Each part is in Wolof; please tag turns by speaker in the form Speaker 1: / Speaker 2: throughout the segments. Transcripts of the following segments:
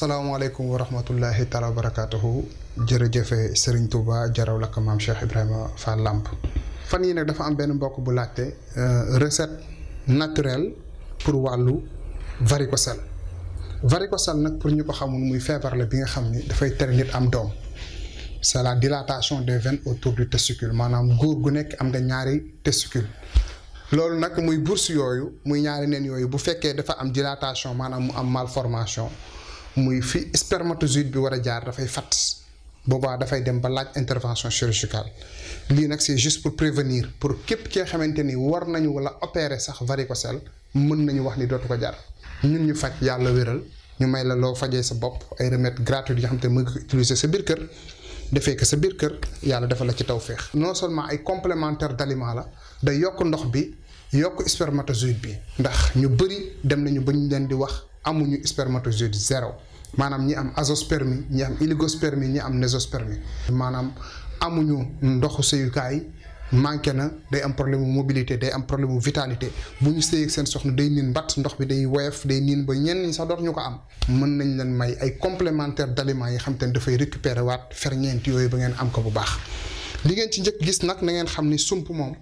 Speaker 1: salaamaaleykum wa rahmatullahi taala wa barakaatuhu jërëjëfe Serigne Touba jaraw la ko maam Cheikh Ibrahima làmp fan yi nag dafa am benn mbokk bu laajte euh, recette naturelle pour wàllu vari varicocèle varicocèle nag pour ñu ko xamul muy feebarle bi nga xam ni dafay tere nit am doom c'est la dilatation des veines autour du testicule maanaam góor gu nekk am na ñaari testicule loolu nag muy bourse yooyu muy ñaari neen yooyu bu fekkee dafa am dilatation maanaam mu am malformation muy fi spermatozoïde bi war a jaar dafay fatt boobaa dafay dem ba laaj intervention chirurgicale li nak c'est juste pour prévenir pour képp kee xamanteni war nañu wala opérer sax varicocele mën nañu wax ni dootu ko jaar ñun ñu faj yàlla wéral ñu may la loo fajee sa bopp ay remèdes gratuits yoo xam te mën nga utiliser sa biir kër defee que sa biir kër yàlla defal la ci tawféex. non seulement ay complémentaire d'aliments la da yokk ndox bi yokk spermatozoïde bi ndax ñu bëri dem nañu ba ñu leen di wax amuñu spermatozoïde zéro. manam ñi am azospermie ñi am oligospermie ñi am nésospermie manam amuñu ndoxu kay manké na day am problème mobilité day am problème vitalité buñu sey ak seen soxna day nin bat ndox bi day woyef day nin ba ñen ñi sa doot ñuko am mën nañ leen may ay complémentaire d'aliments yi xam te ne récupérer waat yoy ba ngeen am ko bu baax li ngeen ci ñëk gis nak na ngeen xam ni sump mom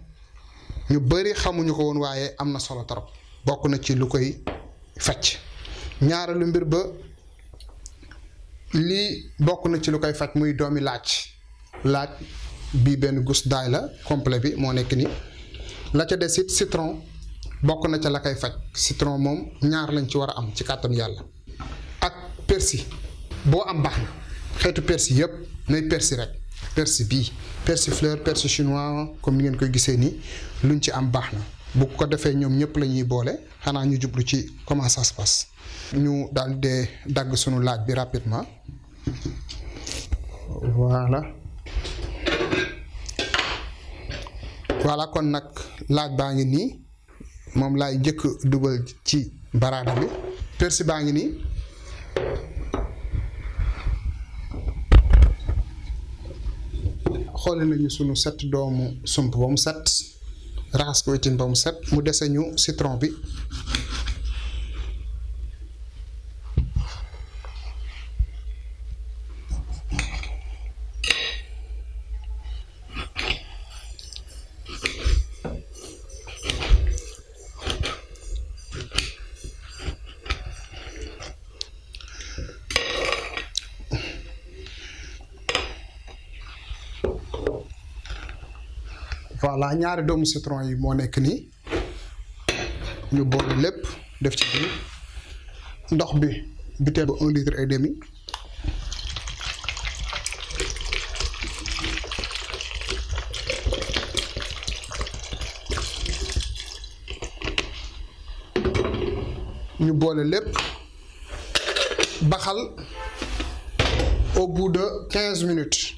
Speaker 1: ñu bari xamuñu ko won waye am na solo torop bokku na ci lu koy faj mbir ba lii bokk na ci lu koy faj muy doomi laaj laaj bii benn gus daay la complet bi moo nekk ni la ca des it citron bokk na ca la koy faj citron moom ñaar lañ ci war a am ci kàttan yàlla ak persil boo am baax na xeetu persil yëpp nay persil rek persil bii persil fleur persil chinois comme ni ngeen koy gisee nii luñ ci am baax na bu ko defee ñoom ñëpp lañuy boole xanaa ñu jublu ci comment ça ñu daal di dagg sunu laaj bi rapidement voilà voilà kon nag laaj baa ngi nii moom laay njëkk dugal ci baraada bi persi baa ngi nii xool nañu sunu set doomu sump ba mu set raxas ko itin ba mu set mu dese ñu citron bi voilà ñaari doomu citron yi mo nek Nous ñu boole lepp def ci bi ndox bi un litre et demi ñu boole au bout de 15 minutes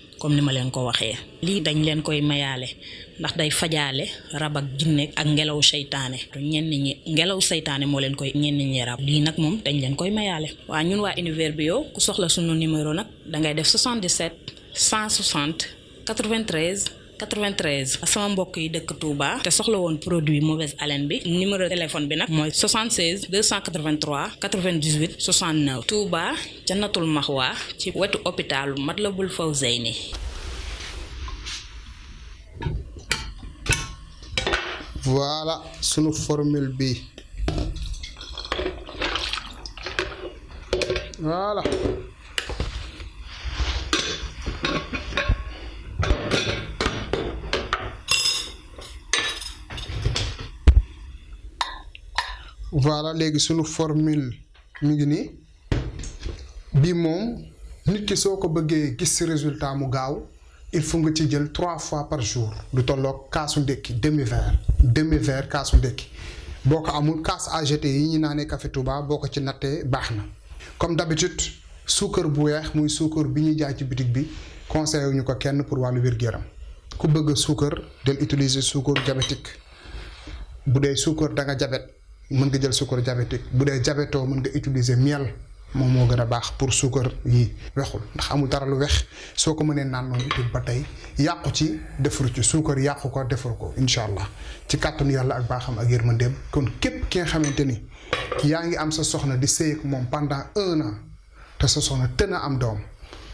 Speaker 2: comme ni ma leen ko waxee. lii dañ leen koy mayaale ndax day fajaale rab ak jinne ak ngelaw seytaane ñenn ñi ngelaw seytaane moo leen koy ñenn ñi rab lii nag moom dañ leen koy mayaale. waa ñun waa bi yow ku soxla suñu numéro nag da ngay def 77 160 93. 93 sama mbokk de Ketouba, Touba te soxla le produit mauvaise haleine bi numéro téléphone bi nak 76 283 98 69 Touba Jannatul Maxwa ci wetu hôpital Matlaboul Fawzaini.
Speaker 1: voilà sunu formule bi voilà voilà légui suñu formule mu ngi ni bi mom nit ki soo ko gis résultat mu gaaw il faut nga ci jël trois fois par jour lu tolloog kasu ndékki demi verre demi verre kasu ndékki boko amul kas kaas AGT yi ñi naanee café Touba boko ci naté baxna comme d'habitude sucre bu weex muy suukar bi ñi jaay ci boutique bi conseillé wuñu ko kenn pour walu wér gu ku bëgg sucre del utiliser sucre diabétique bu dee suukar da nga jabet mën nga jël suukar diabétique bu dee diabéto mën nga utiliser miel moom moo gën a baax pour suukar yi wexul ndax amul dara lu wex soo ko mënee naan noonu utile ba tey yàqu ci defaru ci suukar yàqu ko defar ko incha allah ci kàttanu yàlla ak baaxam ak yërmandeem kon képp ki nga xamante ni yaa ngi am sa soxna di sëy moom pendant un te sa soxna tën a am doom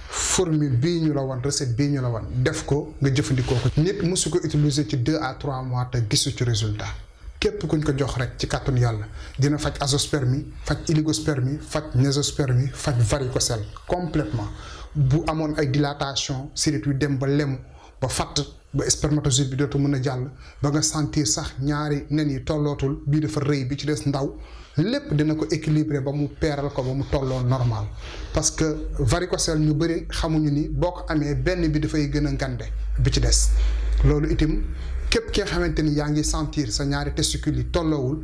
Speaker 1: formule bii ñu la wan recette bii ñu la wan def ko nga jëfandikoo ko. nit mosu ko utiliser ci deux à trois mois te ci résultat. képp kuñ ko jox rek ci kàttanu yalla dina faj azoospermie faj oligospermie faj mesospermie, faj varicocele. complètement bu amone ay dilatation sirit yu dem ba lem ba fat ba spermatozoïde bi dootu mën a jàll ba nga sentir sax ñaari nen yi tolotul bi dafa reuy bi ci dess ndaw lepp dina ko équilibrer ba mu péral ko ba mu tolloo normal parce que varicocele ñu bëri xamuñu ni boo amé benn bi dafay gën a ngande bi ci dess lolu itim képp ki nga xamante ni yaa ngi sentir sa ñaari testicule yi tolloowul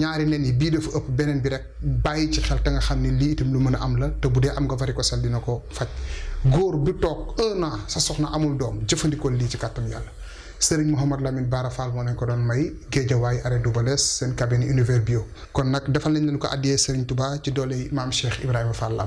Speaker 1: ñaari nen yi bii dafa ëpp beneen bi rek bàyyi ci xel te nga xam ne lii itam lu mën a am la te bu dee am nga varicocèle dina ko faj góor bu toog un sa soxna amul doom jëfandikoo lii ci kàttan yàlla. Serigne Mouhamad Lamine Bara faal moo leen ko doon may Géejawaay arrêt du Balès seen cabinet univers bio kon nag defal nañ leen ko addiyee Serigne Touba ci doole maam Cheikh Ibrahima Fall am